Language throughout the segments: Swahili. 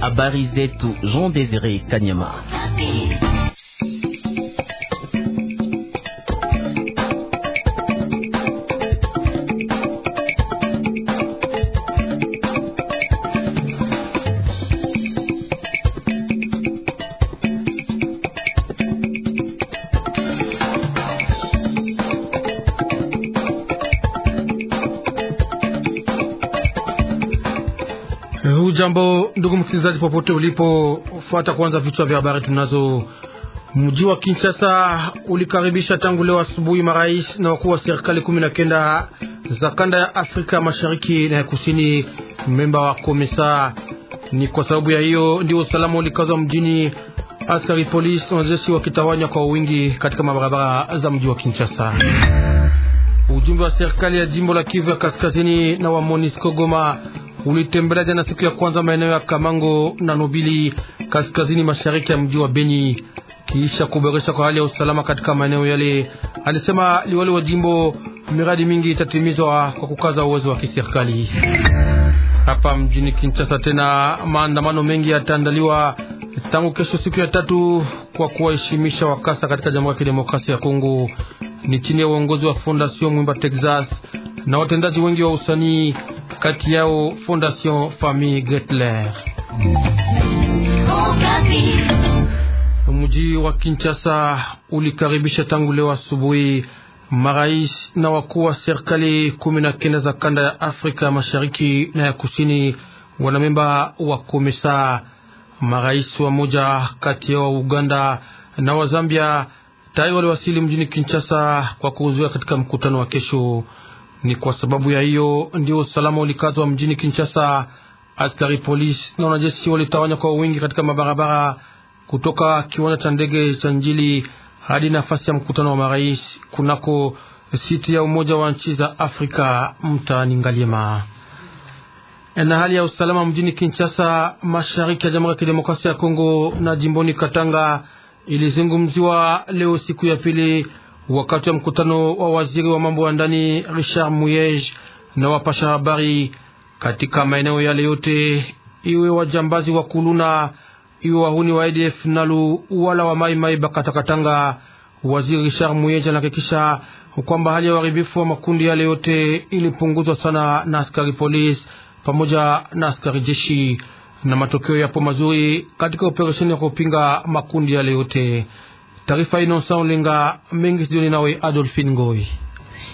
Habari zetu Jean Desire Kanyama. Ujambo ndugu msikilizaji, popote ulipo, fuata kwanza vichwa vya habari tunazo. Mji wa Kinshasa ulikaribisha tangu leo asubuhi marais na wakuu wa serikali kumi na kenda za kanda ya Afrika Mashariki na ya Kusini, memba wa Komesa. Ni kwa sababu ya hiyo ndio usalama ulikazwa mjini, askari polisi wanajeshi wakitawanywa kwa wingi katika mabarabara za mji wa Kinshasa. Ujumbe wa serikali ya jimbo la Kivu ya Kaskazini na wa Monisco Goma ulitembelea jana siku ya kwanza maeneo ya Kamango na Nobili kaskazini mashariki ya mji wa Beni kisha kuboresha kwa hali ya usalama katika maeneo yale. Alisema liwali wa jimbo, miradi mingi itatimizwa kwa kukaza uwezo wa kiserikali. Hapa mjini Kinshasa tena maandamano mengi yataandaliwa tangu kesho siku ya tatu kwa kuwaheshimisha wakasa katika Jamhuri ya Kidemokrasia ya Kongo. Ni chini ya uongozi wa Fondation Mwimba Texas na watendaji wengi wa usanii kati yao Fondation Famille Gretler. Mji wa Kinshasa ulikaribisha tangu leo asubuhi marais na wakuu wa serikali kumi na kenda za kanda ya Afrika Mashariki na ya Kusini, wanamemba wa Komesa. Marais wa moja kati ya wa Uganda na wa Zambia tayari waliwasili mjini Kinshasa kwa kuhudhuria katika mkutano wa kesho. Ni kwa sababu ya hiyo ndio usalama ulikazwa mjini Kinshasa. Askari polisi na wanajeshi walitawanya kwa wingi katika mabarabara kutoka kiwanja cha ndege cha Njili hadi nafasi ya mkutano wa marais kunako siti ya Umoja wa Nchi za Afrika mtaani Ngaliema. Na hali ya usalama mjini Kinshasa, mashariki ya Jamhuri ya Kidemokrasia ya Kongo na jimboni Katanga ilizungumziwa leo siku ya pili wakati wa mkutano wa waziri wa mambo ya ndani Richard Muyej na wapasha habari katika maeneo yale yote, iwe wajambazi wa kuluna, iwe wahuni wa ADF nalu wala wa maimai Bakatakatanga. Waziri Richard Muyej anahakikisha kwamba hali ya uharibifu wa makundi yale yote ilipunguzwa sana na askari polisi pamoja na askari jeshi, na matokeo yapo mazuri katika operesheni ya kupinga makundi yale yote. Taarifa inonsa ulinga mengi studioni, nawe Adolphine Ngoi.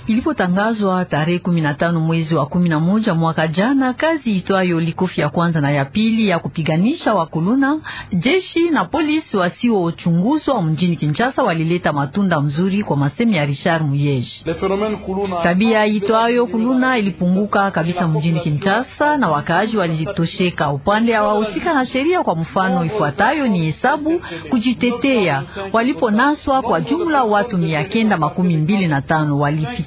Ilipotangazwa tarehe 15 mwezi wa 11 mwaka jana, kazi itwayo likofi ya kwanza na ya pili ya kupiganisha wakuluna, jeshi na polisi wasiochunguzwa mjini Kinshasa walileta matunda mzuri, kwa masemi ya Richard Muyeji. Tabia itwayo kuluna ilipunguka kabisa mjini Kinshasa na wakaaji walijitosheka. Upande wa wahusika na sheria, kwa mfano ifuatayo ni hesabu kujitetea, waliponaswa kwa jumla watu mia kenda makumi mbili na tano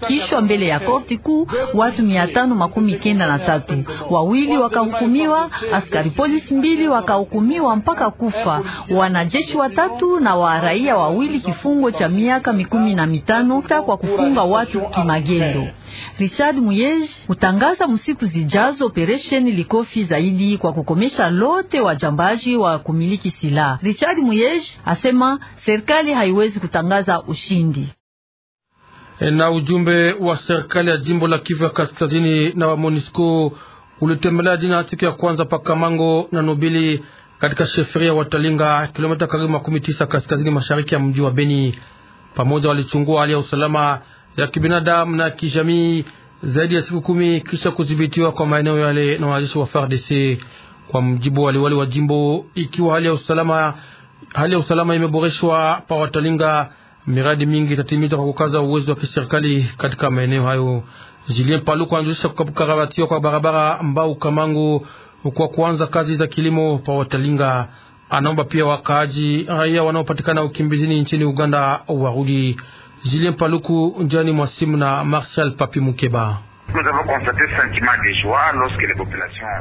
wamefikishwa mbele ya korti kuu watu mia tano makumi kenda na tatu wawili wakahukumiwa, askari polisi mbili wakahukumiwa mpaka kufa, wanajeshi watatu na waraia wawili kifungo cha miaka mikumi na mitano kwa kufunga watu kimagendo. Richard Muyej utangaza msiku zijazo operesheni likofi zaidi kwa kukomesha lote wajambaji wa kumiliki silaha. Richard Muyej asema serikali haiwezi kutangaza ushindi. Eh, na ujumbe wa serikali ya jimbo la Kivu ya kaskazini na wa Monisco ulitembelea jina siku ya kwanza Pakamango na Nobili katika sheferia Watalinga, kilomita karibu makumi tisa kaskazini mashariki ya mji wa Beni. Pamoja walichungua hali ya usalama ya kibinadamu na kijamii zaidi ya siku kumi kisha kudhibitiwa kwa maeneo yale na wanajeshi wa FARDC. Kwa mjibu wa waliwali wa jimbo, ikiwa hali ya usalama hali ya usalama imeboreshwa pa Watalinga Miradi mingi itatimizwa kwa kukaza uwezo wa kiserikali katika maeneo hayo. Julien Palu kuanzisha kukarabatiwa kwa barabara Mbau Kamangu kwa kuanza kazi za kilimo pa Watalinga. Anaomba pia wakaaji raia wanaopatikana ukimbizini nchini Uganda warudi. Julien Paluku, Njani Mwasimu na Marshal Papi Mukeba.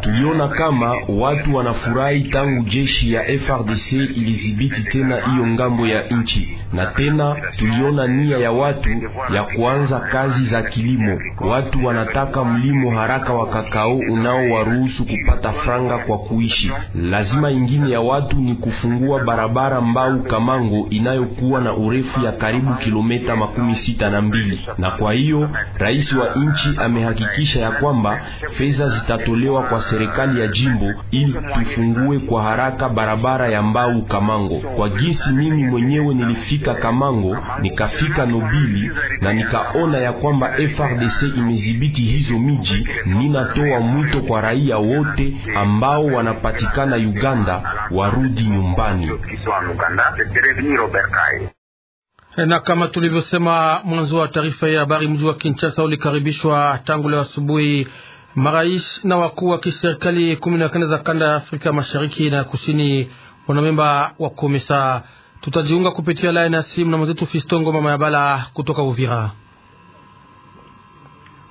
Tuliona kama watu wanafurahi tangu jeshi ya FRDC ilizibiti tena hiyo ngambo ya nchi, na tena tuliona nia ya watu ya kuanza kazi za kilimo. Watu wanataka mlimo haraka wa kakao unaowaruhusu kupata franga kwa kuishi. Lazima ingine ya watu ni kufungua barabara Mbau Kamango inayokuwa na urefu ya karibu kilomita makumi sita na mbili, na kwa hiyo rais wa nchi amehakikisha ya kwamba fedha zitatolewa kwa serikali ya jimbo ili tufungue kwa haraka barabara ya Mbau Kamango. Kwa gisi mimi mwenyewe nilifika Kamango, nikafika Nobili na nikaona ya kwamba FRDC imezibiti hizo miji, ninatoa mwito kwa raia wote ambao wanapatikana Uganda warudi nyumbani. Na kama tulivyosema mwanzo wa taarifa ya habari, mji wa Kinshasa ulikaribishwa tangu leo asubuhi marais na wakuu wa kiserikali kumi na za kanda ya Afrika Mashariki na Kusini, wanamemba wa Komesa. Tutajiunga kupitia laini ya simu na mwenzetu Fistongo mama ya Bala kutoka Uvira.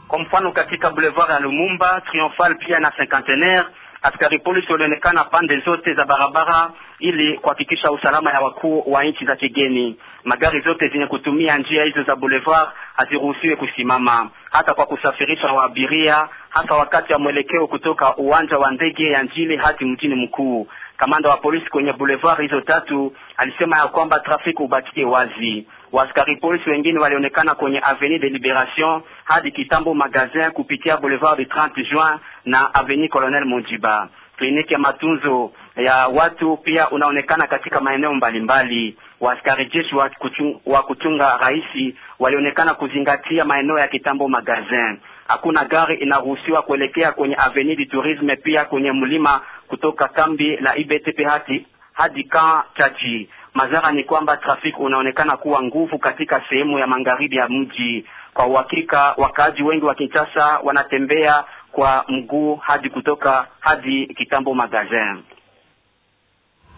Kwa mfano katika boulevard ya Lumumba, Triomphal pia na Cinquantenaire, askari polisi walionekana pande zote za barabara ili kuhakikisha usalama ya wakuu wa nchi za kigeni magari zote zenye kutumia njia hizo za boulevard haziruhusiwe kusimama, hata kwa kusafirisha waabiria, hasa wakati wa mwelekeo kutoka uwanja wa ndege ya Njili hadi mjini mkuu. Kamanda wa polisi kwenye boulevard hizo tatu alisema ya kwamba trafiki ubakie wazi. Waskari polisi wengine walionekana kwenye Avenue de Liberation hadi Kitambo Magazin kupitia boulevard du 30 Juin na Avenue Colonel Mojiba. Kliniki ya matunzo ya watu pia unaonekana katika maeneo mbalimbali askari jeshi wa, kuchung, wa kuchunga rais walionekana kuzingatia maeneo ya kitambo Magazin. Hakuna gari inaruhusiwa kuelekea kwenye Avenue du Tourisme, pia kwenye mlima kutoka kambi la IBTP hadi hadi ka chachi. Madhara ni kwamba trafiki unaonekana kuwa nguvu katika sehemu ya magharibi ya mji. Kwa uhakika, wakaaji wengi wa Kinshasa wanatembea kwa mguu hadi kutoka hadi kitambo Magazin.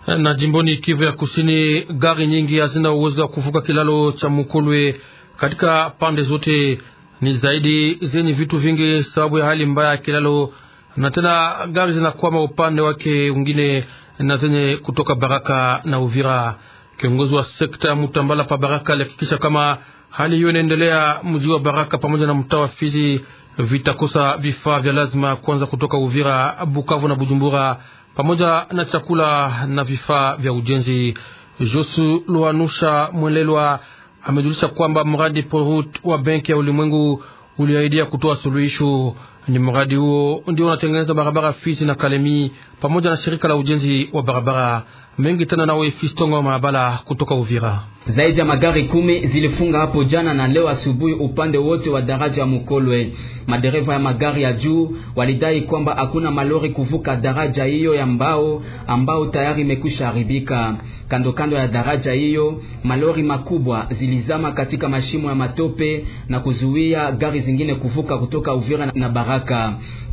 Na jimboni Kivu ya Kusini, gari nyingi hazina uwezo wa kuvuka kilalo cha Mukolwe katika pande zote, ni zaidi zenye vitu vingi sababu ya hali mbaya ya kilalo, na tena gari zinakwama upande wake mwingine na zenye kutoka Baraka na Uvira. Kiongozi wa sekta ya Mutambala pa Baraka alihakikisha kama hali hiyo inaendelea, mji wa Baraka pamoja na mtaa wa Fizi vitakosa vifaa vya lazima kwanza kutoka Uvira, Bukavu na Bujumbura pamoja na chakula na vifaa vya ujenzi. Josu Luanusha Mwelelwa amejulisha kwamba mradi Porut wa Benki ya Ulimwengu uliahidia kutoa suluhisho ni mradi huo ndio unatengeneza barabara Fizi na Kalemi pamoja na shirika la ujenzi wa barabara mengi tena. Nawe Fistongo Maabala kutoka Uvira. Zaidi ya magari kumi zilifunga hapo jana na leo asubuhi upande wote wa daraja ya Mukolwe. Madereva ya magari ya juu walidai kwamba hakuna malori kuvuka daraja hiyo ya mbao ambao tayari imekwisha haribika. Kando kando ya daraja hiyo malori makubwa zilizama katika mashimo ya matope na kuzuia gari zingine kuvuka kutoka Uvira na bara Baraka.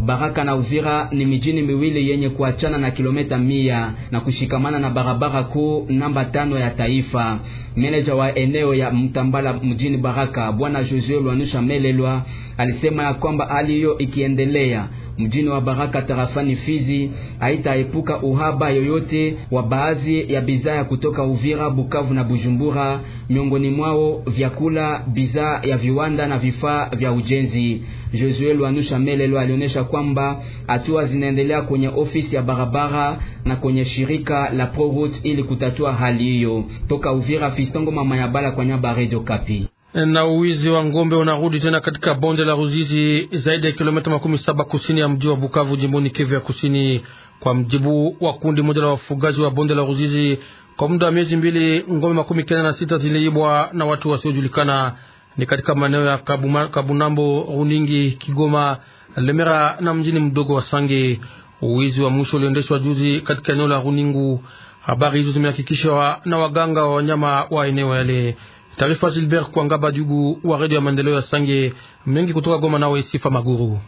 Baraka na Uvira ni mijini miwili yenye kuachana na kilomita mia na kushikamana na barabara kuu namba tano ya taifa. Meneja wa eneo ya Mtambala mjini Baraka, Bwana Josue Lwanusha Melelwa alisema ya kwamba hali hiyo ikiendelea mjini wa Baraka tarafani Fizi haitaepuka uhaba yoyote wa baadhi ya bidhaa kutoka Uvira, Bukavu na Bujumbura, miongoni mwao vyakula, bidhaa ya viwanda na vifaa vya ujenzi. Josuel Wanusha Melelo alionyesha kwamba hatua zinaendelea kwenye ofisi ya barabara na kwenye shirika la ProRoute ili kutatua hali hiyo. Toka Uvira, Fistongo mama ya bala kwa nyaba Radio Kapi na uwizi wa ngombe unarudi tena katika bonde la Ruzizi, zaidi ya kilomita makumi saba kusini ya mji wa Bukavu, jimboni Kivu ya Kusini. Kwa mjibu wa kundi moja la wafugaji wa bonde la Ruzizi, kwa muda wa miezi mbili ngombe makumi kenda na sita ziliibwa na watu wasiojulikana, ni katika maeneo ya Kabuma, Kabunambo, Runingi, Kigoma, Lemera na mjini mdogo wa Sange. Uwizi wa mwisho uliendeshwa juzi katika eneo la Runingu. Habari hizo zimehakikishwa na waganga wa wanyama wa eneo yale. Taarifa Gilbert Kwanga Badugu wa redio ya maendeleo ya Sange mengi kutoka Goma, nawe Sifa Maguru.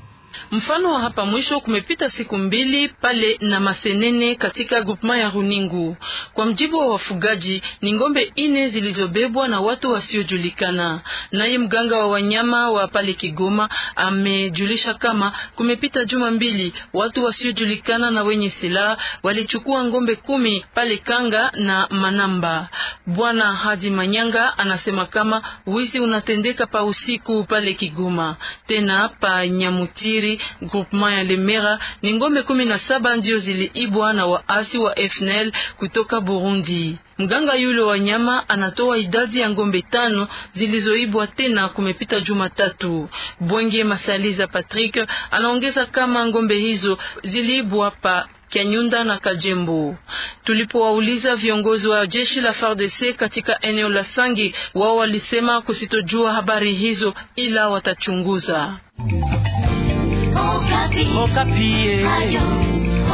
Mfano wa hapa mwisho kumepita siku mbili pale na Masenene katika groupement ya Runingu. Kwa mjibu wa wafugaji, ni ngombe ine zilizobebwa na watu wasiojulikana. Naye mganga wa wanyama wa pale Kigoma amejulisha kama kumepita juma mbili watu wasiojulikana na wenye silaha walichukua ngombe kumi pale Kanga na Manamba. Bwana Hadi Manyanga anasema kama wizi unatendeka pa usiku pale Kigoma, tena pa Nyamutiri Ituri groupement ya Lemera ni ngome kumi na saba ndio ziliibwa na waasi wa FNL kutoka Burundi. Mganga yule wa nyama anatoa idadi ya ngombe tano zilizoibwa tena kumepita Jumatatu. Bwenge Masaliza Patrick anaongeza kama ngombe hizo ziliibwa pa Kanyunda na Kajembo. Tulipowauliza viongozi wa jeshi la FARDC katika eneo la Sangi, wao walisema kusitojua habari hizo ila watachunguza.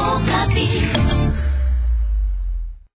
Okapi.